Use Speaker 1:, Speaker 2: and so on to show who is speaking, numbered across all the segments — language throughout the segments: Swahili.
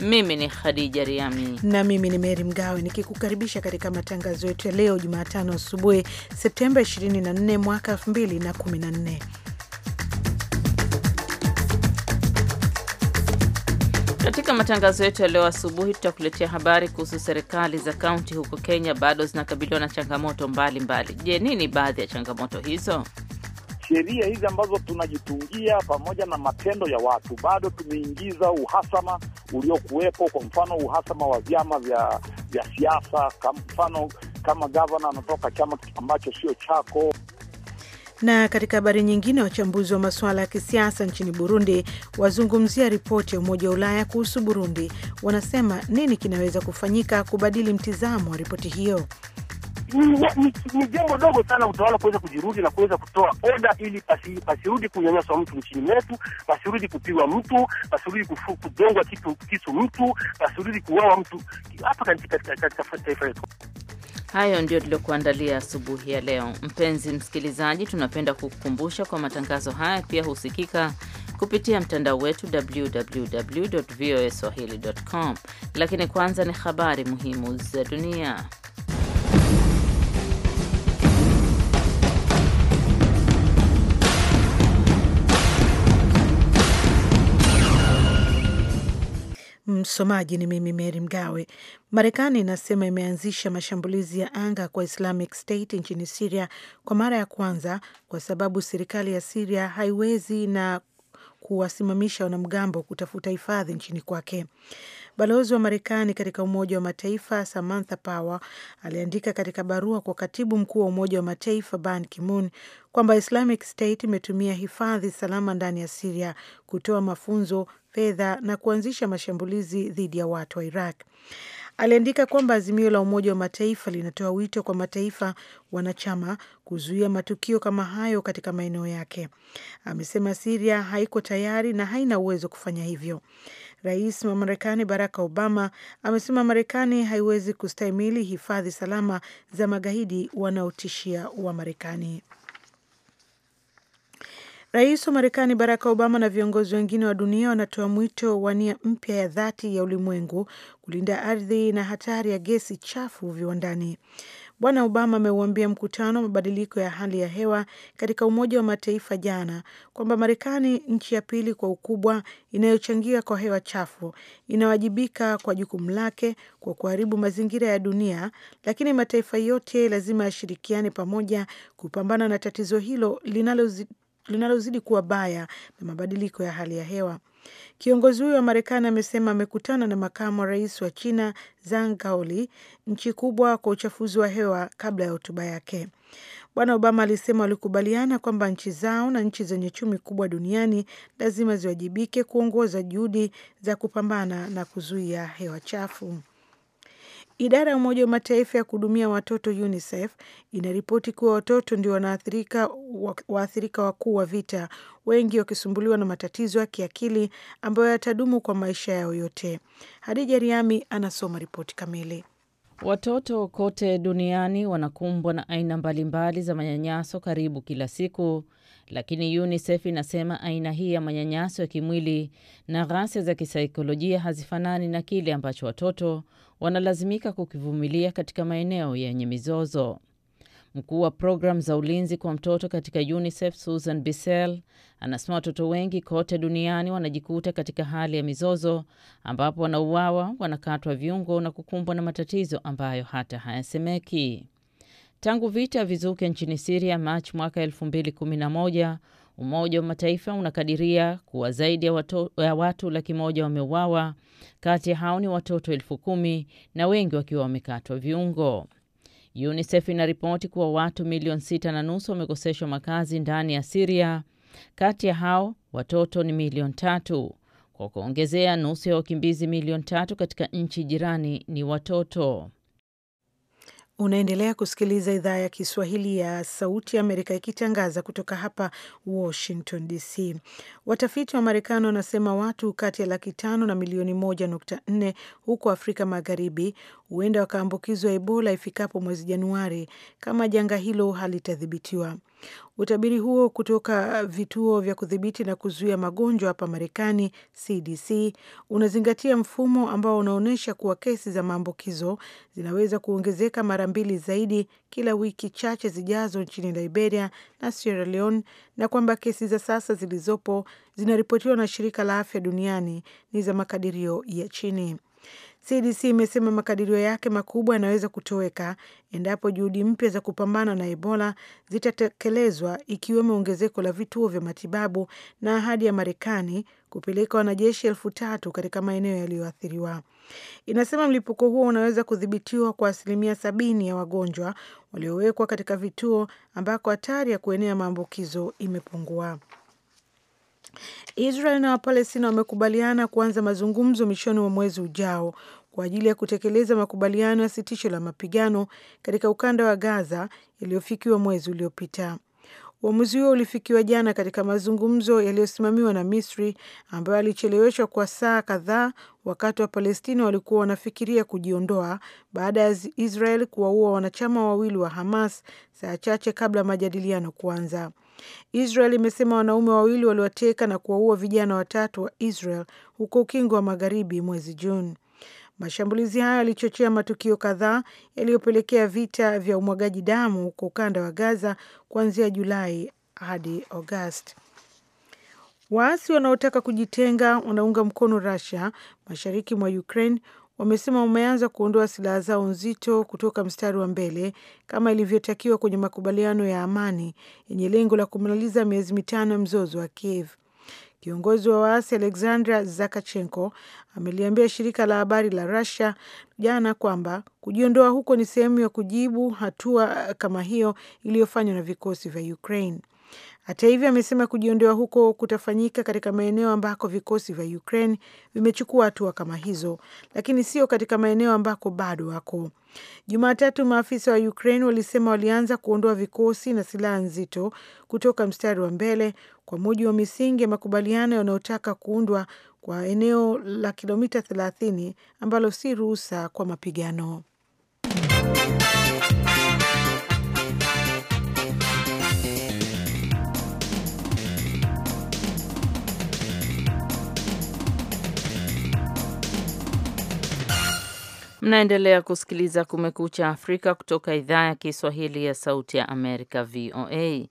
Speaker 1: mimi ni Khadija Riami na
Speaker 2: mimi ni Meri Mgawe nikikukaribisha katika matangazo yetu ya leo Jumatano asubuhi Septemba 24 mwaka 2014.
Speaker 1: Katika matangazo yetu ya leo asubuhi tutakuletea habari kuhusu serikali za kaunti huko Kenya bado zinakabiliwa na changamoto mbalimbali. Je, nini baadhi ya changamoto hizo?
Speaker 3: sheria hizi ambazo tunajitungia pamoja na matendo ya watu, bado tumeingiza uhasama uliokuwepo. Kwa mfano, uhasama wa vyama vya, vya siasa, kwa mfano kama gavana anatoka chama ambacho sio chako.
Speaker 2: Na katika habari nyingine, wachambuzi wa masuala ya kisiasa nchini Burundi wazungumzia ripoti ya Umoja wa Ulaya kuhusu Burundi. Wanasema nini kinaweza kufanyika kubadili mtizamo wa ripoti hiyo?
Speaker 3: ni jambo dogo sana utawala kuweza kujirudi na kuweza kutoa oda ili pasi, pasirudi kunyanyaswa mtu nchini mwetu, pasirudi kupigwa mtu, pasirudi kudongwa kitu kisu mtu, pasirudi kuwawa mtu hapa katika taifa letu.
Speaker 1: Hayo ndio tuliokuandalia asubuhi ya leo. Mpenzi msikilizaji, tunapenda kukukumbusha kwa matangazo haya pia husikika kupitia mtandao wetu www voa swahili com. Lakini kwanza ni habari muhimu za dunia.
Speaker 2: Msomaji ni mimi Meri Mgawe. Marekani inasema imeanzisha mashambulizi ya anga kwa Islamic State nchini Siria kwa mara ya kwanza, kwa sababu serikali ya Siria haiwezi na kuwasimamisha wanamgambo kutafuta hifadhi nchini kwake. Balozi wa Marekani katika Umoja wa Mataifa Samantha Power aliandika katika barua kwa katibu mkuu wa Umoja wa Mataifa Ban Ki-moon kwamba Islamic State imetumia hifadhi salama ndani ya Siria kutoa mafunzo, fedha na kuanzisha mashambulizi dhidi ya watu wa Iraq aliandika kwamba azimio la Umoja wa Mataifa linatoa wito kwa mataifa wanachama kuzuia matukio kama hayo katika maeneo yake. Amesema Siria haiko tayari na haina uwezo kufanya hivyo. Rais wa Marekani Barack Obama amesema Marekani haiwezi kustahimili hifadhi salama za magaidi wanaotishia wa marekani Rais wa Marekani Barack Obama na viongozi wengine wa dunia wanatoa mwito wa nia mpya ya dhati ya ulimwengu kulinda ardhi na hatari ya gesi chafu viwandani. Bwana Obama ameuambia mkutano wa mabadiliko ya hali ya hewa katika Umoja wa Mataifa jana kwamba Marekani, nchi ya pili kwa ukubwa inayochangia kwa hewa chafu, inawajibika kwa jukumu lake kwa kuharibu mazingira ya dunia, lakini mataifa yote lazima yashirikiane pamoja kupambana na tatizo hilo linalo linalozidi kuwa baya na mabadiliko ya hali ya hewa. Kiongozi huyo wa Marekani amesema amekutana na makamu wa rais wa China Zhang Gaoli, nchi kubwa kwa uchafuzi wa hewa, kabla ya hotuba yake. Bwana Obama alisema walikubaliana kwamba nchi zao na nchi zenye chumi kubwa duniani lazima ziwajibike kuongoza juhudi za kupambana na kuzuia hewa chafu. Idara ya Umoja wa Mataifa ya kuhudumia watoto UNICEF inaripoti kuwa watoto ndio wanaathirika waathirika wakuu wa vita, wengi wakisumbuliwa na matatizo ya kiakili ambayo yatadumu kwa maisha yao yote. Hadija Riami anasoma ripoti kamili. Watoto kote
Speaker 1: duniani wanakumbwa na aina mbalimbali za manyanyaso karibu kila siku, lakini UNICEF inasema aina hii ya manyanyaso ya kimwili na ghasia za kisaikolojia hazifanani na kile ambacho watoto wanalazimika kukivumilia katika maeneo yenye mizozo. Mkuu wa programu za ulinzi kwa mtoto katika UNICEF Susan Bissell anasema watoto wengi kote duniani wanajikuta katika hali ya mizozo ambapo wanauawa, wanakatwa viungo na kukumbwa na matatizo ambayo hata hayasemeki. Tangu vita vizuke nchini Siria Machi mwaka 2011 Umoja wa Mataifa unakadiria kuwa zaidi ya watu, ya watu laki moja wameuawa, kati ya hao ni watoto elfu kumi na wengi wakiwa wamekatwa viungo. UNICEF inaripoti kuwa watu milioni sita na nusu wamekoseshwa makazi ndani ya Siria, kati ya hao watoto ni milioni tatu. Kwa kuongezea, nusu ya wakimbizi milioni tatu katika nchi jirani ni watoto.
Speaker 2: Unaendelea kusikiliza idhaa ya Kiswahili ya Sauti Amerika ikitangaza kutoka hapa Washington DC. Watafiti wa Marekani wanasema watu kati ya laki tano na milioni moja nukta nne huko Afrika Magharibi huenda wakaambukizwa Ebola ifikapo mwezi Januari kama janga hilo halitadhibitiwa. Utabiri huo kutoka vituo vya kudhibiti na kuzuia magonjwa hapa Marekani, CDC, unazingatia mfumo ambao unaonyesha kuwa kesi za maambukizo zinaweza kuongezeka mara mbili zaidi kila wiki chache zijazo nchini Liberia na Sierra Leone, na kwamba kesi za sasa zilizopo zinaripotiwa na Shirika la Afya Duniani ni za makadirio ya chini. CDC imesema makadirio yake makubwa yanaweza kutoweka endapo juhudi mpya za kupambana na Ebola zitatekelezwa ikiwemo ongezeko la vituo vya matibabu na ahadi ya Marekani kupeleka wanajeshi elfu tatu katika maeneo yaliyoathiriwa. Inasema mlipuko huo unaweza kudhibitiwa kwa asilimia sabini ya wagonjwa waliowekwa katika vituo ambako hatari ya kuenea maambukizo imepungua. Israel na Wapalestina wamekubaliana kuanza mazungumzo mwishoni mwa mwezi ujao kwa ajili ya kutekeleza makubaliano ya sitisho la mapigano katika ukanda wa Gaza yaliyofikiwa mwezi uliopita. Uamuzi huo ulifikiwa jana katika mazungumzo yaliyosimamiwa na Misri ambayo alicheleweshwa kwa saa kadhaa wakati wa Palestina walikuwa wanafikiria kujiondoa baada ya Israel kuwaua wanachama wawili wa Hamas saa chache kabla ya majadiliano kuanza. Israel imesema wanaume wawili waliwateka na kuwaua vijana watatu wa Israel huko Ukingo wa Magharibi mwezi Juni. Mashambulizi hayo yalichochea matukio kadhaa yaliyopelekea vita vya umwagaji damu kwa ukanda wa Gaza kuanzia Julai hadi Agosti. Waasi wanaotaka kujitenga wanaunga mkono Russia mashariki mwa Ukraine wamesema wameanza kuondoa silaha zao nzito kutoka mstari wa mbele kama ilivyotakiwa kwenye makubaliano ya amani yenye lengo la kumaliza miezi mitano ya mzozo wa Kiev. Kiongozi wa waasi Alexandra Zakachenko ameliambia shirika la habari la Rusia jana kwamba kujiondoa huko ni sehemu ya kujibu hatua kama hiyo iliyofanywa na vikosi vya Ukraine. Hata hivyo, amesema kujiondoa huko kutafanyika katika maeneo ambako vikosi vya Ukraine vimechukua hatua kama hizo, lakini sio katika maeneo ambako bado wako. Jumatatu, maafisa wa Ukraine walisema walianza kuondoa vikosi na silaha nzito kutoka mstari wa mbele kwa mujibu wa misingi ya makubaliano yanayotaka kuundwa kwa eneo la kilomita 30 ambalo si ruhusa kwa mapigano.
Speaker 1: Mnaendelea kusikiliza Kumekucha Afrika kutoka idhaa ya Kiswahili ya Sauti ya Amerika, VOA.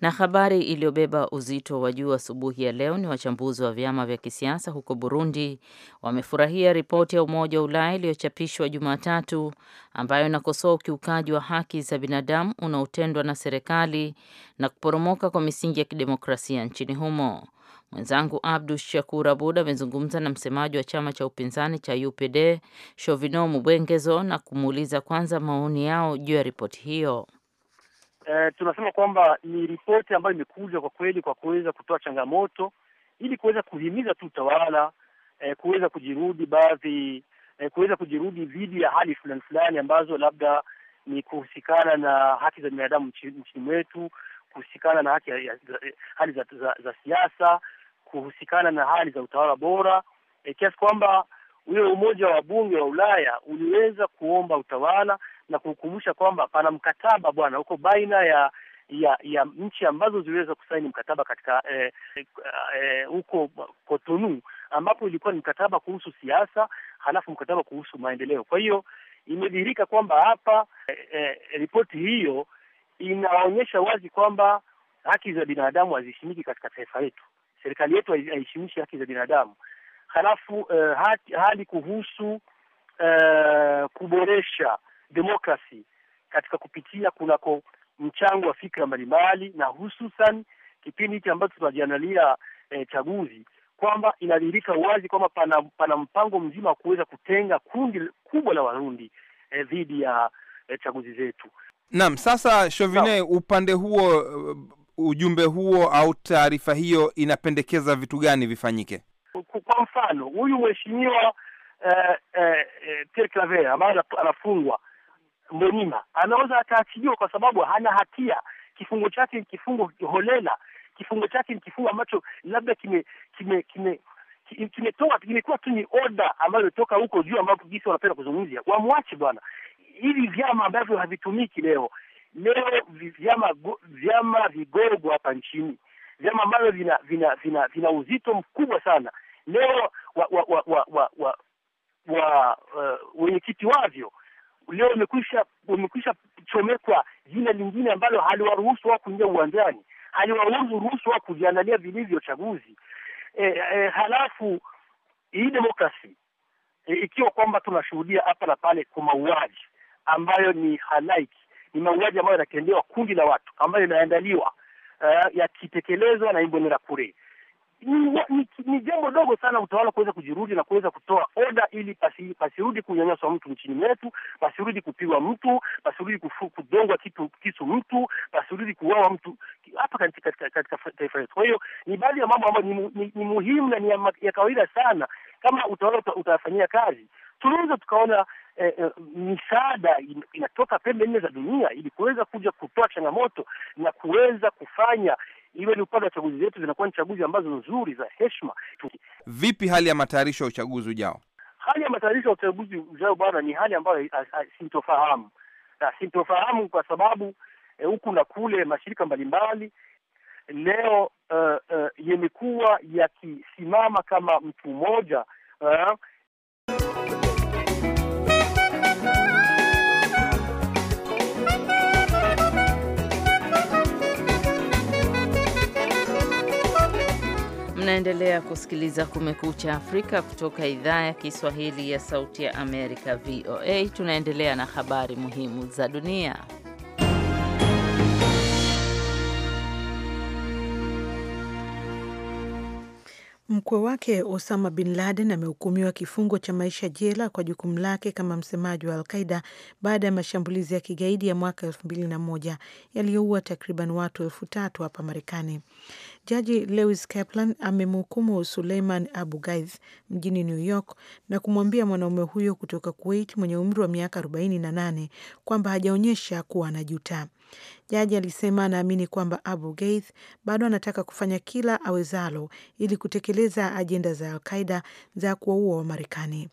Speaker 1: Na habari iliyobeba uzito wa juu asubuhi ya leo ni wachambuzi wa vyama vya kisiasa huko Burundi wamefurahia ripoti ya Umoja wa Ulaya iliyochapishwa Jumatatu ambayo inakosoa ukiukaji wa haki za binadamu unaotendwa na serikali na kuporomoka kwa misingi ya kidemokrasia nchini humo. Mwenzangu Abdu Shakur Abud amezungumza na msemaji wa chama cha upinzani cha UPD Shovino Mubwengezo na kumuuliza kwanza maoni yao juu ya ripoti hiyo.
Speaker 3: E, tunasema kwamba ni ripoti ambayo imekuja kwa kweli kwa kuweza kutoa changamoto ili kuweza kuhimiza tu utawala e, kuweza kujirudi baadhi e, kuweza kujirudi dhidi ya hali fulani fulani ambazo labda ni kuhusikana na haki za binadamu nchini mwetu, kuhusikana na haki hali za, za, za siasa, kuhusikana na hali za utawala bora e, kiasi kwamba huyo umoja wa bunge wa Ulaya uliweza kuomba utawala na kukumbusha kwamba pana mkataba bwana uko baina ya ya ya nchi ambazo ziliweza kusaini mkataba katika huko eh, eh, Cotonou ambapo ilikuwa ni mkataba kuhusu siasa, halafu mkataba kuhusu maendeleo. Kwa hiyo imedhihirika kwamba hapa eh, eh, ripoti hiyo inaonyesha wazi kwamba haki za binadamu haziheshimiki katika taifa letu serikali yetu haishimishi haki za binadamu. Halafu uh, hati, hali kuhusu uh, kuboresha demokrasi katika kupitia kunako mchango wa fikra mbalimbali na hususan kipindi hichi ambacho tunajiandalia eh, chaguzi kwamba inadhihirika wazi kwamba pana, pana mpango mzima wa kuweza kutenga kundi kubwa la Warundi eh, dhidi ya eh, chaguzi zetu.
Speaker 4: Naam, sasa Shovine, upande huo eh, ujumbe huo au taarifa hiyo inapendekeza vitu gani vifanyike?
Speaker 3: Kwa mfano huyu mheshimiwa eh, eh, eh Claver ambaye anafungwa Mwenima anaweza akaachiliwa kwa sababu hana hatia. Kifungo chake ni kifungo holela, kifungo chake ni kifungo ambacho labda kimetoka kime, kime, kimekuwa tu ni oda ambayo imetoka huko juu, ambapo jinsi wanapenda kuzungumzia, wamwache bwana. Hivi vyama ambavyo havitumiki leo leo vyama vyama vigogo hapa nchini, vyama ambavyo vina vina vina vina uzito mkubwa sana leo wa wa wa wa, wa, wa, wa uh, wenyekiti wavyo leo wamekwisha wamekwisha chomekwa jina lingine ambalo haliwaruhusu wao kuingia uwanjani, haliwaruhusu ruhusu wao kujiandalia vilivyo chaguzi. E, e, halafu hii demokrasi e, ikiwa kwamba tunashuhudia hapa na pale kwa mauaji ambayo ni halaiki ni mauaji ambayo yanatendewa kundi la watu ambayo inaandaliwa uh, yakitekelezwa na Imbonerakure ni, jambo dogo sana utawala kuweza kujirudi na kuweza kutoa oda ili pasirudi pasi kunyanyaswa mtu nchini mwetu, pasirudi kupigwa mtu, pasirudi kudongwa kitu kisu mtu, pasirudi kuwawa mtu hapa katika taifa letu. Kwa hiyo ni baadhi ya mambo ambayo ni, ni, ni muhimu na ni ya, ya kawaida sana. Kama utawala utafanyia kazi, tunaweza tukaona E, e, misaada inatoka pembe nne za dunia ili kuweza kuja kutoa changamoto na kuweza kufanya iwe ni upande wa chaguzi zetu, zinakuwa ni chaguzi ambazo nzuri za heshima.
Speaker 4: Vipi hali ya matayarisho ya uchaguzi ujao?
Speaker 3: Hali ya matayarisho ya uchaguzi ujao bwana, ni hali ambayo ah, ah, sintofahamu na sintofahamu kwa sababu eh, huku e, na kule mashirika mbalimbali leo uh, uh, yamekuwa yakisimama kama mtu mmoja uh,
Speaker 1: Mnaendelea kusikiliza Kumekucha Afrika kutoka idhaa ya Kiswahili ya Sauti ya Amerika, VOA. Tunaendelea na habari muhimu za dunia.
Speaker 2: Mkwe wake Osama bin Laden amehukumiwa kifungo cha maisha jela kwa jukumu lake kama msemaji wa Alqaida baada ya mashambulizi ya kigaidi ya mwaka elfu mbili na moja yaliyoua takriban watu elfu tatu hapa Marekani. Jaji Lewis Kaplan amemhukumu Suleiman Abu Gaith mjini New York na kumwambia mwanaume huyo kutoka Kuwait mwenye umri wa miaka 48 kwamba hajaonyesha kuwa anajuta. Jaji alisema anaamini kwamba Abu Gaith bado anataka kufanya kila awezalo ili kutekeleza ajenda za Alqaida za kuwaua Wamarekani.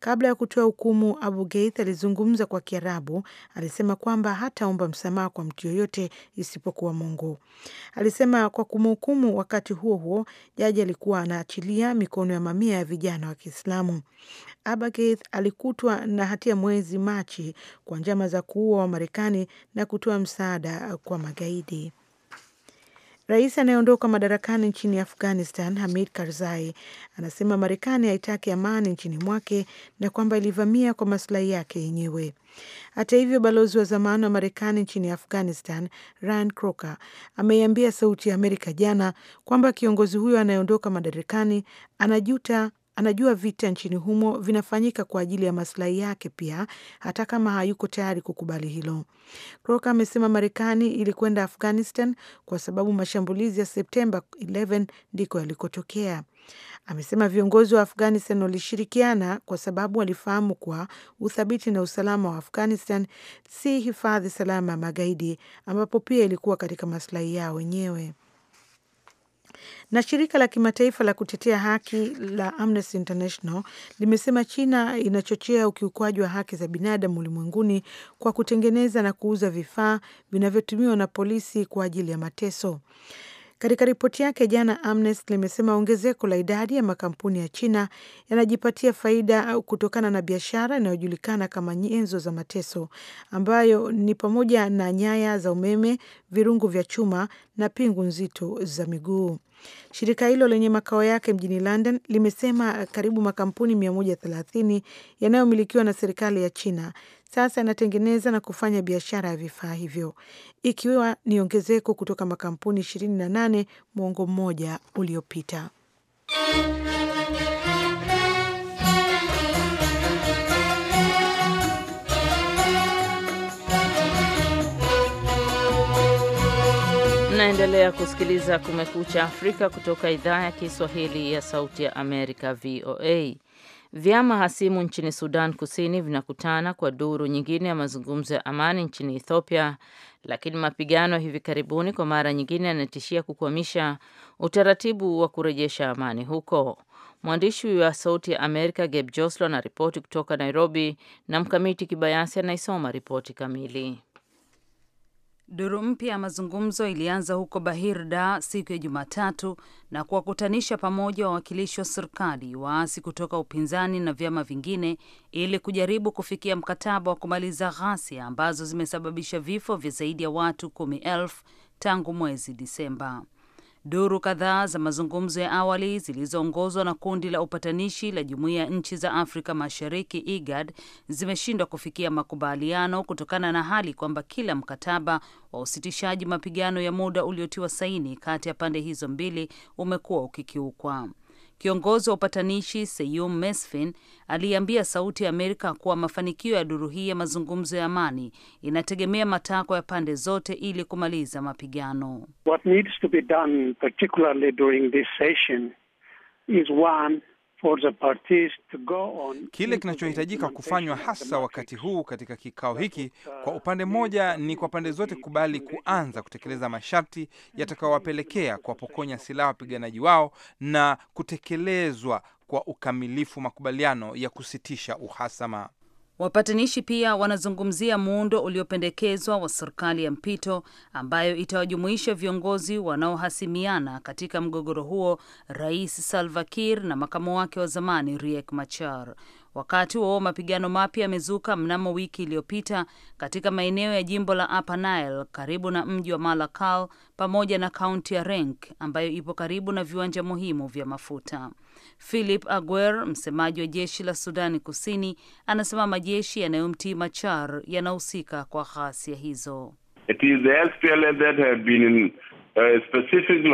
Speaker 2: Kabla ya kutoa hukumu, Abu Geith alizungumza kwa Kiarabu. Alisema kwamba hataomba msamaha kwa mtu yoyote isipokuwa Mungu. Alisema kwa kumhukumu. Wakati huo huo, jaji alikuwa anaachilia mikono ya mamia ya vijana wa Kiislamu. Abu gaith alikutwa na hatia mwezi Machi kwa njama za kuua Wamarekani na kutoa msaada kwa magaidi. Rais anayeondoka madarakani nchini Afghanistan, Hamid Karzai, anasema Marekani haitaki amani nchini mwake na kwamba ilivamia kwa masilahi yake yenyewe. Hata hivyo, balozi wa zamani wa Marekani nchini Afghanistan, Ryan Crocker, ameiambia Sauti ya Amerika jana kwamba kiongozi huyo anayeondoka madarakani anajuta Anajua vita nchini humo vinafanyika kwa ajili ya maslahi yake pia, hata kama hayuko tayari kukubali hilo. Croker amesema Marekani ilikwenda Afghanistan kwa sababu mashambulizi ya Septemba 11 ndiko yalikotokea. Amesema viongozi wa Afghanistan walishirikiana kwa sababu walifahamu kuwa uthabiti na usalama wa Afghanistan si hifadhi salama ya magaidi, ambapo pia ilikuwa katika maslahi yao wenyewe. Na shirika la kimataifa la kutetea haki la Amnesty International limesema China inachochea ukiukwaji wa haki za binadamu ulimwenguni kwa kutengeneza na kuuza vifaa vinavyotumiwa na polisi kwa ajili ya mateso. Katika ripoti yake jana, Amnesty limesema ongezeko la idadi ya makampuni ya China yanajipatia faida au kutokana na biashara inayojulikana kama nyenzo za mateso, ambayo ni pamoja na nyaya za umeme, virungu vya chuma na pingu nzito za miguu. Shirika hilo lenye makao yake mjini London limesema karibu makampuni 130 yanayomilikiwa na serikali ya China sasa inatengeneza na kufanya biashara ya vifaa hivyo, ikiwa ni ongezeko kutoka makampuni 28 mwongo mmoja uliopita.
Speaker 1: Naendelea kusikiliza Kumekucha Afrika kutoka idhaa ya Kiswahili ya Sauti ya Amerika, VOA. Vyama hasimu nchini Sudan Kusini vinakutana kwa duru nyingine ya mazungumzo ya amani nchini Ethiopia, lakini mapigano ya hivi karibuni kwa mara nyingine yanatishia kukwamisha utaratibu wa kurejesha amani huko. Mwandishi wa Sauti ya Amerika Gabe Joslo anaripoti kutoka Nairobi na Mkamiti Kibayasi anaisoma ripoti kamili.
Speaker 5: Duru mpya ya mazungumzo ilianza huko Bahirda siku ya Jumatatu na kuwakutanisha pamoja wawakilishi wa serikali, waasi kutoka upinzani na vyama vingine ili kujaribu kufikia mkataba wa kumaliza ghasia ambazo zimesababisha vifo vya zaidi ya watu kumi elfu tangu mwezi Disemba. Duru kadhaa za mazungumzo ya awali zilizoongozwa na kundi la upatanishi la jumuiya ya nchi za Afrika Mashariki, IGAD, zimeshindwa kufikia makubaliano kutokana na hali kwamba kila mkataba wa usitishaji mapigano ya muda uliotiwa saini kati ya pande hizo mbili umekuwa ukikiukwa. Kiongozi wa upatanishi Seyum Mesfin aliambia Sauti ya Amerika kuwa mafanikio ya duru hii ya mazungumzo ya amani inategemea matakwa ya pande zote ili kumaliza mapigano.
Speaker 3: What needs to be done particularly during this session is one
Speaker 4: Kile kinachohitajika kufanywa hasa wakati huu katika kikao hiki, uh, kwa upande mmoja, ni kwa pande zote kubali kuanza kutekeleza masharti yatakayowapelekea kuwapokonya silaha wapiganaji wao na kutekelezwa kwa ukamilifu makubaliano ya kusitisha uhasama.
Speaker 5: Wapatanishi pia wanazungumzia muundo uliopendekezwa wa serikali ya mpito ambayo itawajumuisha viongozi wanaohasimiana katika mgogoro huo, Rais Salva Kiir na makamu wake wa zamani Riek Machar. Wakati huo mapigano mapya yamezuka mnamo wiki iliyopita katika maeneo ya jimbo la Upper Nile karibu na mji wa Malakal pamoja na kaunti ya Renk ambayo ipo karibu na viwanja muhimu vya mafuta. Philip Aguer, msemaji wa jeshi la Sudani Kusini, anasema majeshi yanayomtii Machar yanahusika kwa ghasia hizo.
Speaker 3: It is the SPLA that have been in, uh, specific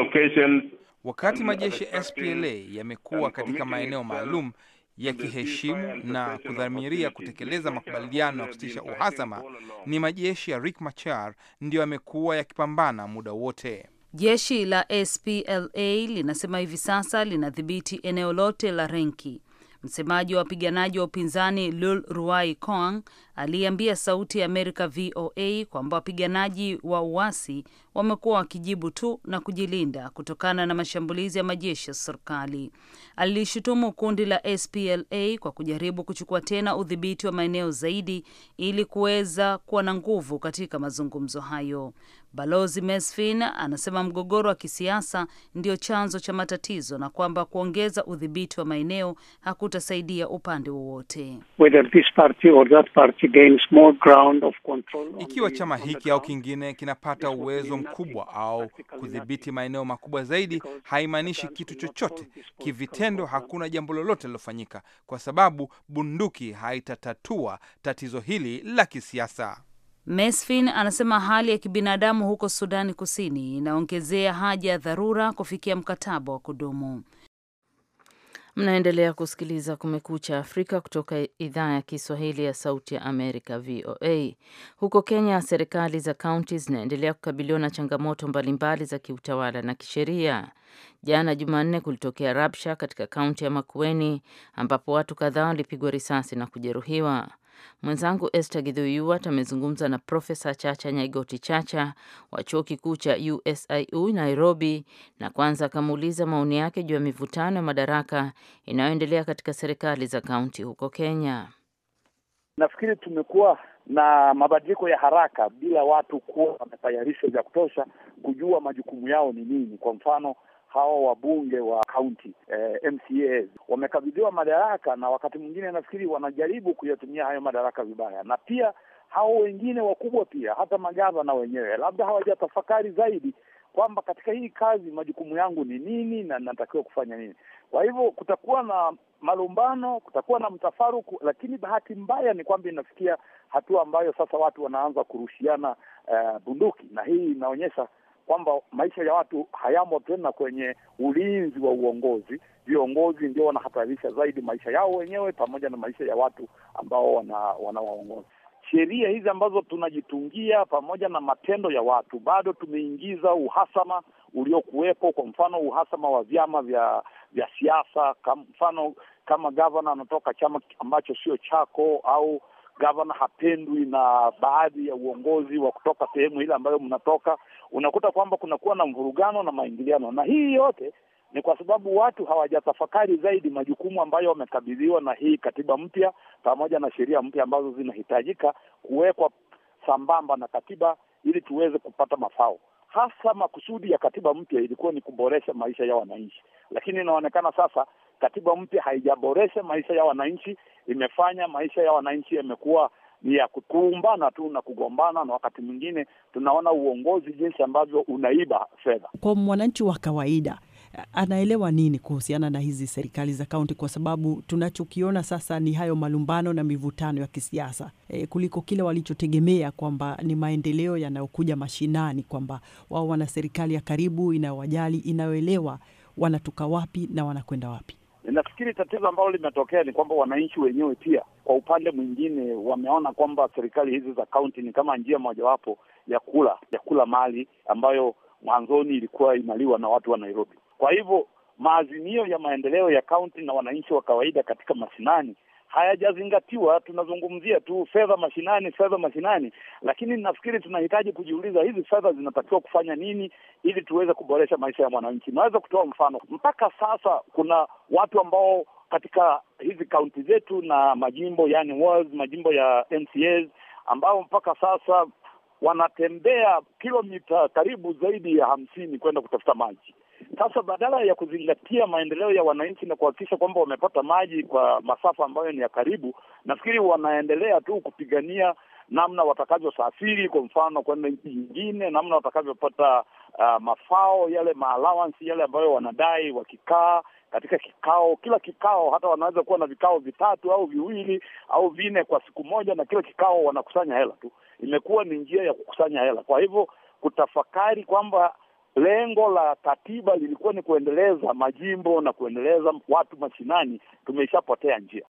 Speaker 4: Wakati majeshi SPLA yamekuwa katika maeneo maalum yakiheshimu na kudhamiria kutekeleza makubaliano ya kusitisha uhasama, ni majeshi ya rick Machar ndiyo yamekuwa yakipambana muda wote.
Speaker 5: Jeshi la SPLA linasema hivi sasa linadhibiti eneo lote la Renki. Msemaji wa wapiganaji wa upinzani Lul Ruai Koang aliambia Sauti ya Amerika VOA kwamba wapiganaji wa uasi wamekuwa wakijibu tu na kujilinda kutokana na mashambulizi ya majeshi ya serikali. Alilishutumu kundi la SPLA kwa kujaribu kuchukua tena udhibiti wa maeneo zaidi ili kuweza kuwa na nguvu katika mazungumzo hayo. Balozi Mesfin anasema mgogoro wa kisiasa ndio chanzo cha matatizo na kwamba kuongeza udhibiti wa maeneo hakutasaidia upande
Speaker 3: wowote. Ikiwa
Speaker 4: chama hiki au kingine kinapata uwezo mkubwa au kudhibiti maeneo makubwa zaidi, haimaanishi kitu chochote. Kivitendo, hakuna jambo lolote lilofanyika, kwa sababu bunduki haitatatua tatizo hili la kisiasa. Mesfin anasema
Speaker 5: hali ya kibinadamu huko Sudani Kusini inaongezea haja ya dharura kufikia
Speaker 1: mkataba wa kudumu. Mnaendelea kusikiliza Kumekucha Afrika kutoka idhaa ya Kiswahili ya Sauti ya Amerika, VOA. Huko Kenya, serikali za kaunti zinaendelea kukabiliwa na changamoto mbalimbali za kiutawala na kisheria. Jana Jumanne kulitokea rabsha katika kaunti ya Makueni ambapo watu kadhaa walipigwa risasi na kujeruhiwa. Mwenzangu Esther Gidhuyuwat amezungumza na Profesa Chacha Nyaigoti Chacha wa chuo kikuu cha USIU Nairobi, na kwanza akamuuliza maoni yake juu ya mivutano ya madaraka inayoendelea katika serikali za kaunti huko Kenya.
Speaker 3: Nafikiri tumekuwa na mabadiliko ya haraka bila watu kuwa wametayarishwa vya kutosha kujua majukumu yao ni nini. Kwa mfano, hawa wabunge wa kaunti eh, MCAs wamekabidhiwa madaraka, na wakati mwingine nafikiri wanajaribu kuyatumia hayo madaraka vibaya, na pia hao wengine wakubwa pia hata magavana wenyewe labda hawajatafakari zaidi kwamba katika hii kazi majukumu yangu ni nini na natakiwa kufanya nini. Kwa hivyo kutakuwa na malumbano, kutakuwa na mtafaruku, lakini bahati mbaya ni kwamba inafikia hatua ambayo sasa watu wanaanza kurushiana uh, bunduki, na hii inaonyesha kwamba maisha ya watu hayamo tena kwenye ulinzi wa uongozi. Viongozi ndio wanahatarisha zaidi maisha yao wenyewe pamoja na maisha ya watu ambao wanawaongoza. Wana sheria hizi ambazo tunajitungia pamoja na matendo ya watu, bado tumeingiza uhasama uliokuwepo. Kwa mfano, uhasama wa vyama vya vya siasa. Kwa mfano, kama gavana anatoka chama ambacho sio chako au gavana hapendwi na baadhi ya uongozi wa kutoka sehemu ile ambayo mnatoka, unakuta kwamba kunakuwa na mvurugano na maingiliano, na hii yote ni kwa sababu watu hawajatafakari zaidi majukumu ambayo wamekabidhiwa na hii katiba mpya pamoja na sheria mpya ambazo zinahitajika kuwekwa sambamba na katiba ili tuweze kupata mafao. Hasa makusudi ya katiba mpya ilikuwa ni kuboresha maisha ya wananchi, lakini inaonekana sasa katiba mpya haijaboresha maisha ya wananchi, imefanya maisha ya wananchi yamekuwa ni ya kukumbana tu na kugombana, na wakati mwingine tunaona uongozi jinsi ambavyo unaiba fedha.
Speaker 2: Kwa mwananchi wa kawaida anaelewa nini kuhusiana na hizi serikali za kaunti? Kwa sababu tunachokiona sasa ni hayo malumbano na mivutano ya kisiasa e, kuliko kile walichotegemea kwamba ni maendeleo yanayokuja mashinani, kwamba wao wana serikali ya karibu inayowajali, inayoelewa wanatoka wapi na wanakwenda wapi.
Speaker 3: Ninafikiri tatizo ambalo limetokea ni kwamba wananchi wenyewe pia kwa upande mwingine wameona kwamba serikali hizi za kaunti ni kama njia mojawapo ya kula ya kula mali ambayo mwanzoni ilikuwa inaliwa na watu wa Nairobi. Kwa hivyo maazimio ya maendeleo ya kaunti na wananchi wa kawaida katika mashinani hayajazingatiwa. Tunazungumzia tu fedha mashinani, fedha mashinani, lakini nafikiri tunahitaji kujiuliza hizi fedha zinatakiwa kufanya nini ili tuweze kuboresha maisha ya mwananchi. Naweza kutoa mfano, mpaka sasa kuna watu ambao katika hizi kaunti zetu na majimbo yani wards, majimbo ya MCAs ambao mpaka sasa wanatembea kilomita karibu zaidi ya hamsini kwenda kutafuta maji. Sasa badala ya kuzingatia maendeleo ya wananchi na kuhakikisha kwamba wamepata maji kwa masafa ambayo ni ya karibu, nafikiri wanaendelea tu kupigania namna watakavyosafiri, kwa mfano kwenda nchi nyingine, namna watakavyopata uh, mafao yale maalawansi yale ambayo wanadai wakikaa katika kikao, kila kikao, hata wanaweza kuwa na vikao vitatu au viwili au vinne kwa siku moja, na kila kikao wanakusanya hela tu. Imekuwa ni njia ya kukusanya hela. Kwa hivyo kutafakari kwamba lengo la katiba lilikuwa ni kuendeleza majimbo na kuendeleza watu mashinani, tumeshapotea njia.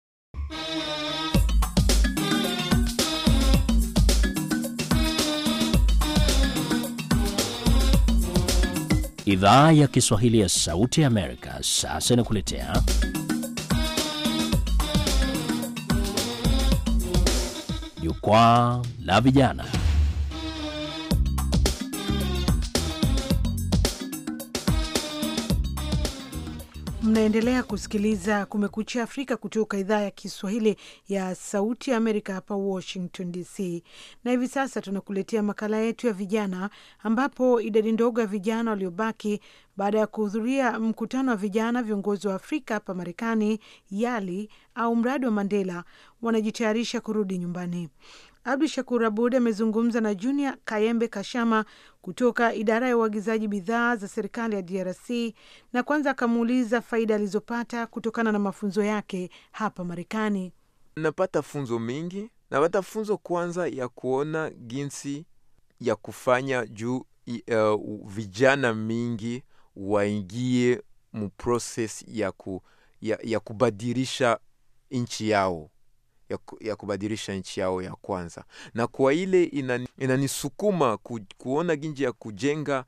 Speaker 5: Idhaa ya Kiswahili ya Sauti ya Amerika sasa inakuletea
Speaker 3: jukwaa la vijana.
Speaker 2: Mnaendelea kusikiliza Kumekucha Afrika kutoka idhaa ya Kiswahili ya Sauti ya Amerika hapa Washington DC, na hivi sasa tunakuletea makala yetu ya vijana, ambapo idadi ndogo ya vijana waliobaki baada ya kuhudhuria mkutano wa vijana viongozi wa Afrika hapa Marekani, YALI au mradi wa Mandela, wanajitayarisha kurudi nyumbani. Abdu Shakur Abud amezungumza na Junior Kayembe Kashama kutoka idara ya uagizaji bidhaa za serikali ya DRC na kwanza akamuuliza faida alizopata kutokana na mafunzo yake hapa Marekani.
Speaker 6: Napata funzo mingi, napata funzo kwanza ya kuona jinsi ya kufanya juu uh, vijana mingi waingie muproses ya, ku, ya, ya kubadilisha nchi yao ya, ya kubadilisha nchi yao ya kwanza, na kwa ile inanisukuma inani ku, kuona ginji ya kujenga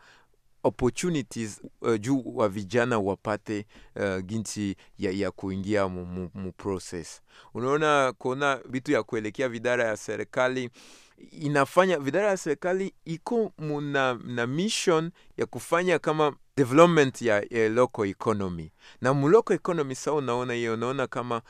Speaker 6: opportunities uh, juu wa vijana wapate uh, ya, ya kuingia mu, mu, mu process. Unaona, kuona vitu ya kuelekea vidara ya serikali inafanya vidara ya serikali iko muna, na mission ya kufanya kama development ya, ya local economy na mu local economy. Saa unaona hiyo, unaona kama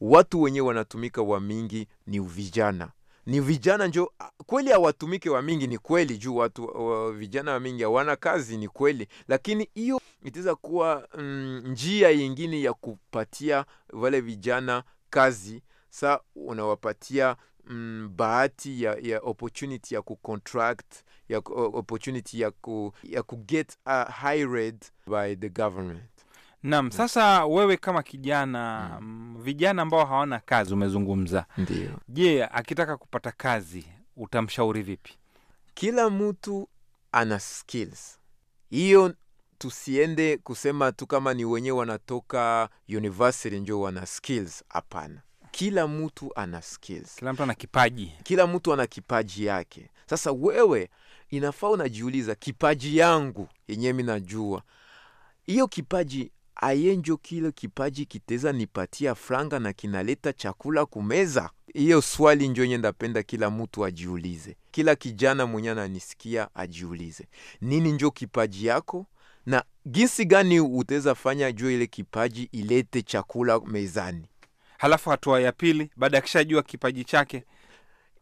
Speaker 6: watu wenye wanatumika wa mingi ni vijana ni vijana njo kweli hawatumike wa mingi, ni kweli juu watu wa vijana wa mingi hawana kazi, ni kweli, lakini hiyo itaweza kuwa mm, njia yingine ya kupatia wale vijana kazi. Sa unawapatia mm, bahati ya, ya opportunity ya kucontract ya, opportunity ya, ku, ya kuget a hired by the government.
Speaker 4: Naam, mm. sasa wewe kama kijana mm. mm. vijana ambao hawana kazi umezungumza, ndio.
Speaker 6: Je, akitaka kupata kazi utamshauri vipi? Kila mtu ana skills hiyo, tusiende kusema tu kama ni wenyewe wanatoka university njo wana skills. Hapana, kila mtu ana skills, kila mtu ana kipaji, kila mtu ana kipaji yake. Sasa wewe inafaa unajiuliza, kipaji yangu yenyewe mimi najua hiyo kipaji aye njo kile kipaji kiteza nipatia franga na kinaleta chakula kumeza? Hiyo swali njo nye ndapenda kila mtu ajiulize, kila kijana mwenye ananisikia ajiulize, nini njo kipaji yako na jinsi gani utaweza fanya juu ile kipaji ilete chakula mezani. Halafu hatua ya pili, baada ya kishajua kipaji chake,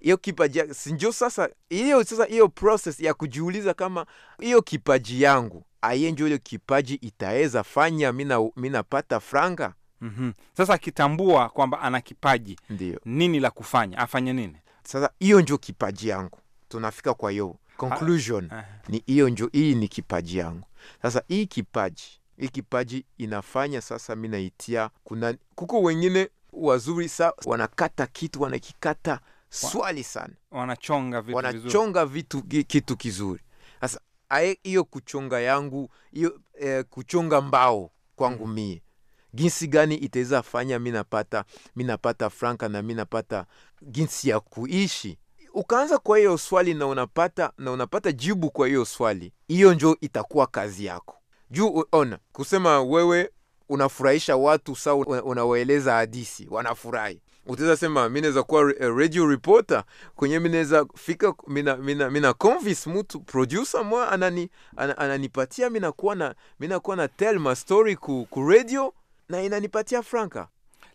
Speaker 6: hiyo kipaji sinjo. Sasa hiyo sasa hiyo process ya kujiuliza kama hiyo kipaji yangu aye njo hiyo kipaji itaweza fanya mina minapata franga mm -hmm. Sasa akitambua kwamba ana kipaji ndio nini la kufanya afanye nini sasa, hiyo njo kipaji yangu. Tunafika kwa hiyo conclusion ha, ah, ha. Eh. Ni hiyo njo, hii ni kipaji yangu. Sasa hii kipaji hii kipaji inafanya sasa minaitia kuna kuko wengine wazuri sa wanakata kitu wanakikata swali sana, wanachonga vitu, wanachonga vitu kitu kizuri. Sasa hiyo kuchonga yangu hiyo eh, kuchonga mbao kwangu mm-hmm. mie ginsi gani itaweza fanya mi napata mi napata franka na mi napata ginsi ya kuishi. Ukaanza kwa hiyo swali na unapata na unapata jibu kwa hiyo swali, hiyo njo itakuwa kazi yako. Juu ona kusema wewe unafurahisha watu, saa unawaeleza hadisi wanafurahi, utaweza sema mi naweza kuwa radio reporter kwenye mi naweza fika mina, mina, mina convince mtu producer mwa anani, ananipatia minakuwa na minakuwa na tell my story ku, ku radio na inanipatia franka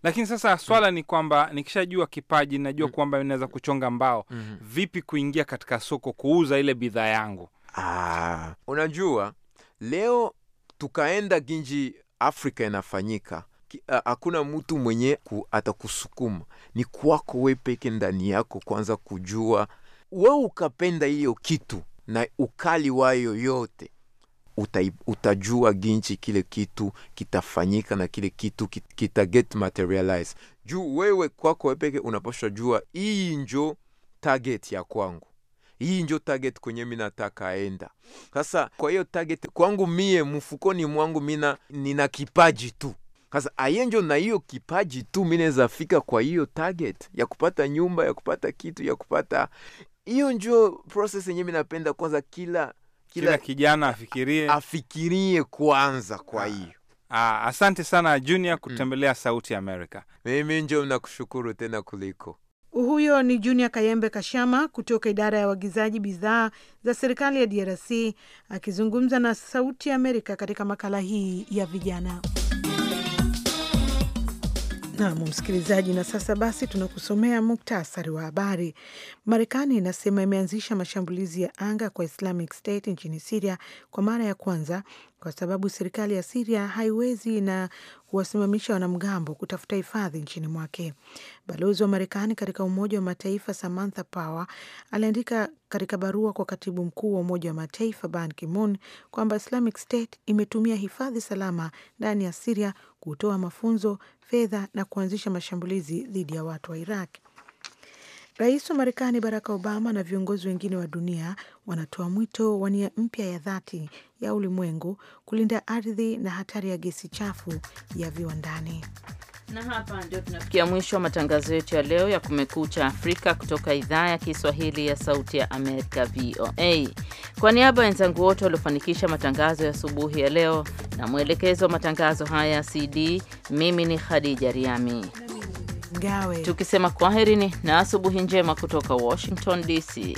Speaker 6: lakini
Speaker 4: sasa swala mm. ni kwamba nikishajua kipaji najua mm. kwamba inaweza kuchonga mbao mm -hmm. vipi kuingia katika soko kuuza ile bidhaa
Speaker 6: yangu ah, unajua leo tukaenda ginji afrika inafanyika hakuna mtu mwenye ku, atakusukuma ni kwako we peke ndani yako, kwanza kujua we ukapenda hiyo kitu na ukali wayo yote uta, utajua ginchi kile kitu kitafanyika na kile kitu kita get materialize juu wewe kwako we peke jua hii njo target ya kwangu hii njo target kwenye mi nataka aenda sasa. Kwa hiyo target kwangu mie mfukoni mwangu mina nina kipaji tu kasa ayenjo na hiyo kipaji tu minaweza fika kwa hiyo target ya kupata nyumba, ya kupata kitu, ya kupata hiyo. Njo process yenyewe minapenda kwanza, kila kila, kila kijana afikirie afikirie kwanza. Kwa ah. hiyo
Speaker 4: ah, asante sana Junior mm. kutembelea mm, Sauti Amerika. Mimi njo nakushukuru tena
Speaker 6: kuliko
Speaker 2: huyo ni Junior Kayembe Kashama kutoka idara ya uagizaji bidhaa za serikali ya DRC akizungumza na Sauti Amerika katika makala hii ya vijana. Nam msikilizaji, na sasa basi tunakusomea muktasari wa habari. Marekani inasema imeanzisha mashambulizi ya anga kwa Islamic State nchini Siria kwa mara ya kwanza kwa sababu serikali ya Siria haiwezi na kuwasimamisha wanamgambo kutafuta hifadhi nchini mwake. Balozi wa Marekani katika Umoja wa Mataifa Samantha Power aliandika katika barua kwa katibu mkuu wa Umoja wa Mataifa Ban Ki-moon kwamba Islamic State imetumia hifadhi salama ndani ya Siria kutoa mafunzo, fedha na kuanzisha mashambulizi dhidi ya watu wa Iraq. Rais wa Marekani Barack Obama na viongozi wengine wa dunia wanatoa mwito wa nia mpya ya dhati ya ulimwengu kulinda ardhi na hatari ya gesi chafu ya viwandani.
Speaker 1: Na hapa ndio tunafikia mwisho wa matangazo yetu ya leo ya Kumekucha Afrika kutoka idhaa ya Kiswahili ya Sauti ya Amerika, VOA. Kwa niaba ya wenzangu wote waliofanikisha matangazo ya asubuhi ya leo na mwelekezo wa matangazo haya CD, mimi ni Khadija Riami Mgawe, tukisema kwaherini na asubuhi njema kutoka Washington DC.